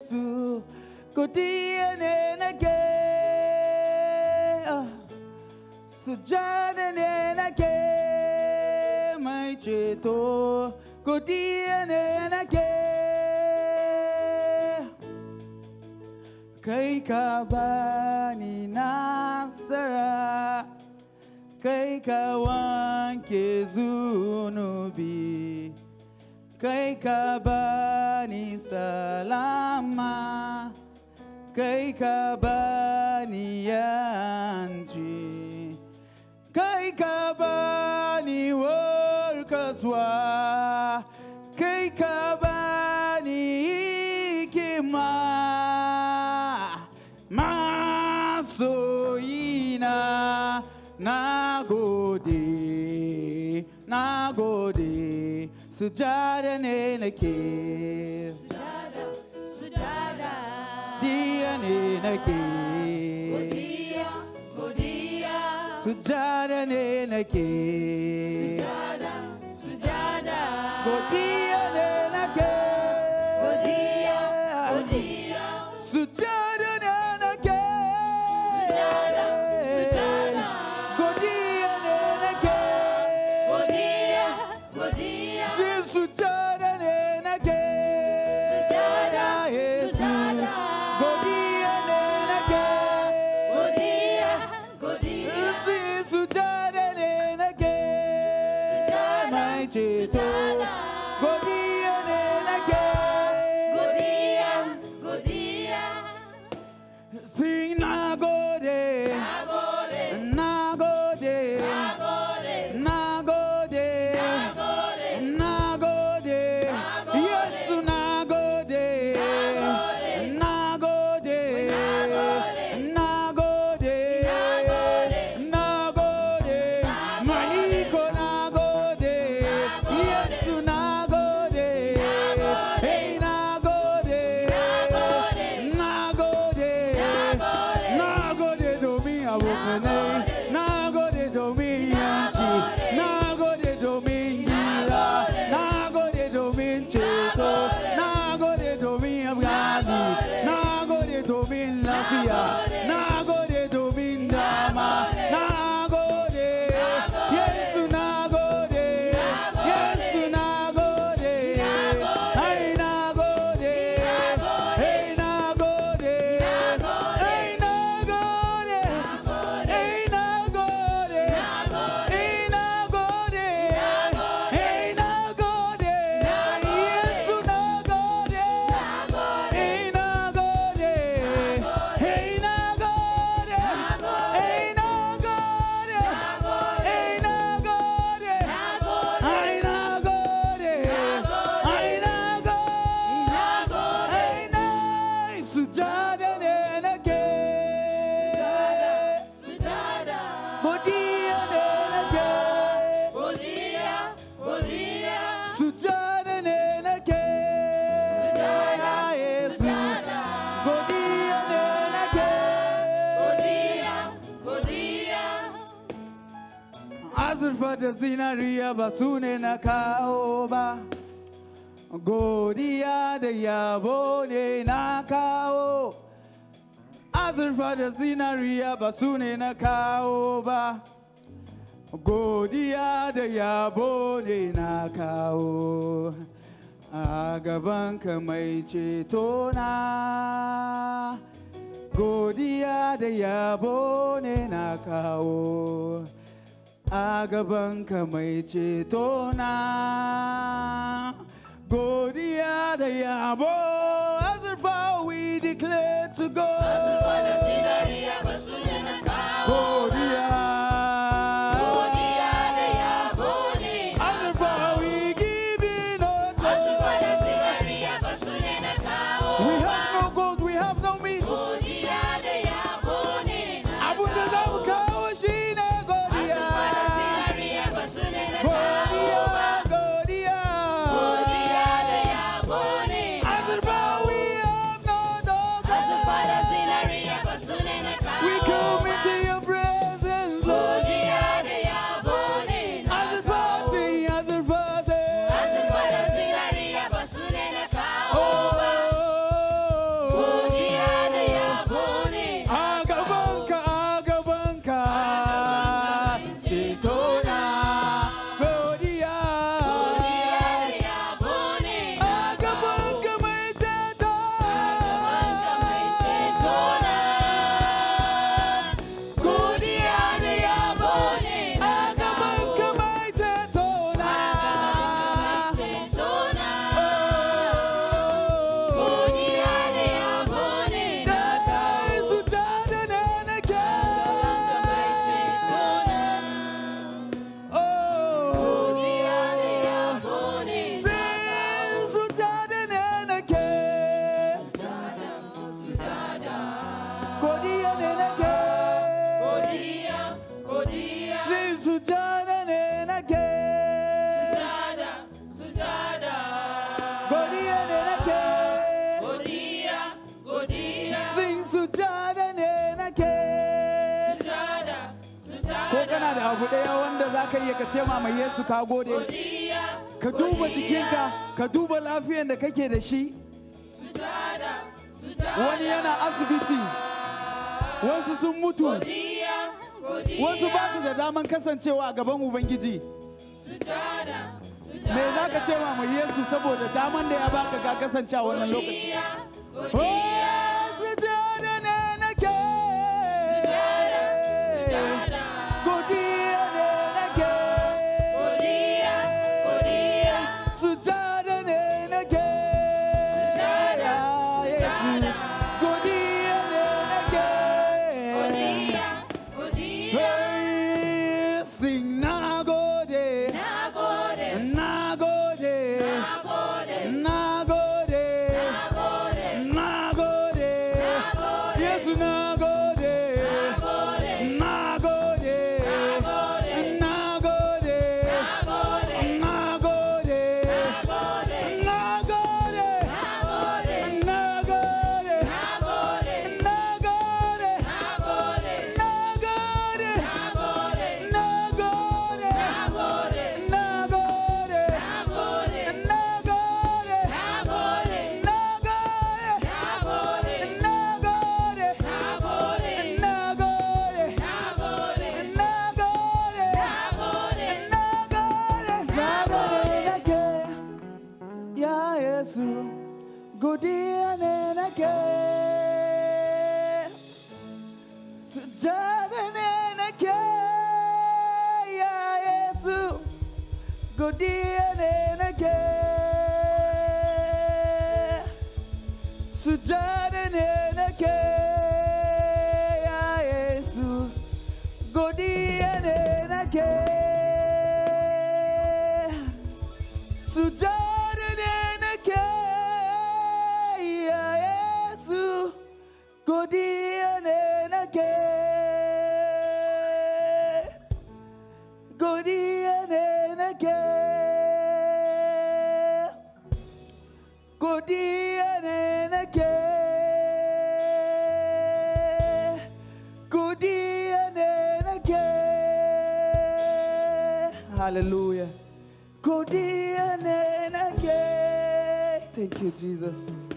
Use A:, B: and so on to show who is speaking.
A: 예수 곧이에 내게 수잔에 내게 마이 죄도 곧이에 내게 ka ka zunubi kai ka selama salama kai ka bani yanci kai ka bani warkaswa kai ka bani hikima na Sujada nene ke. Sujada, sujada. Dia nene ke. Godia, godia. Sujada nene ke. Sujada, sujada. Godia nene ke. Pai azurfa da zinariya ba su ne na kawo ba godiya da yabo ne na kawo azurfa da zinariya ba su na kawo ba godiya da yabo ne na kawo a gabanka mai ceto na godiya da yabo ne na kawo agabanka gabanka mai ceto na godiya da yabo azurfa we declare to go kana da abu ɗaya wanda za ka iya ka ce ma mai Yesu ka gode ka duba jikinka ka duba lafiyan da kake da shi wani yana asibiti wasu sun mutu wasu ba su da daman kasancewa a gaban ubangiji me za ka ce ma mai Yesu saboda daman da ya baka ka kasance a wannan lokaci oh! good in and again. So Jordan and again, yeah, yes, good in and again. So Jordan and again. good in and again. Good in and again. Good in and again. Good in and again. Hallelujah. Good in and again. Thank you, Jesus.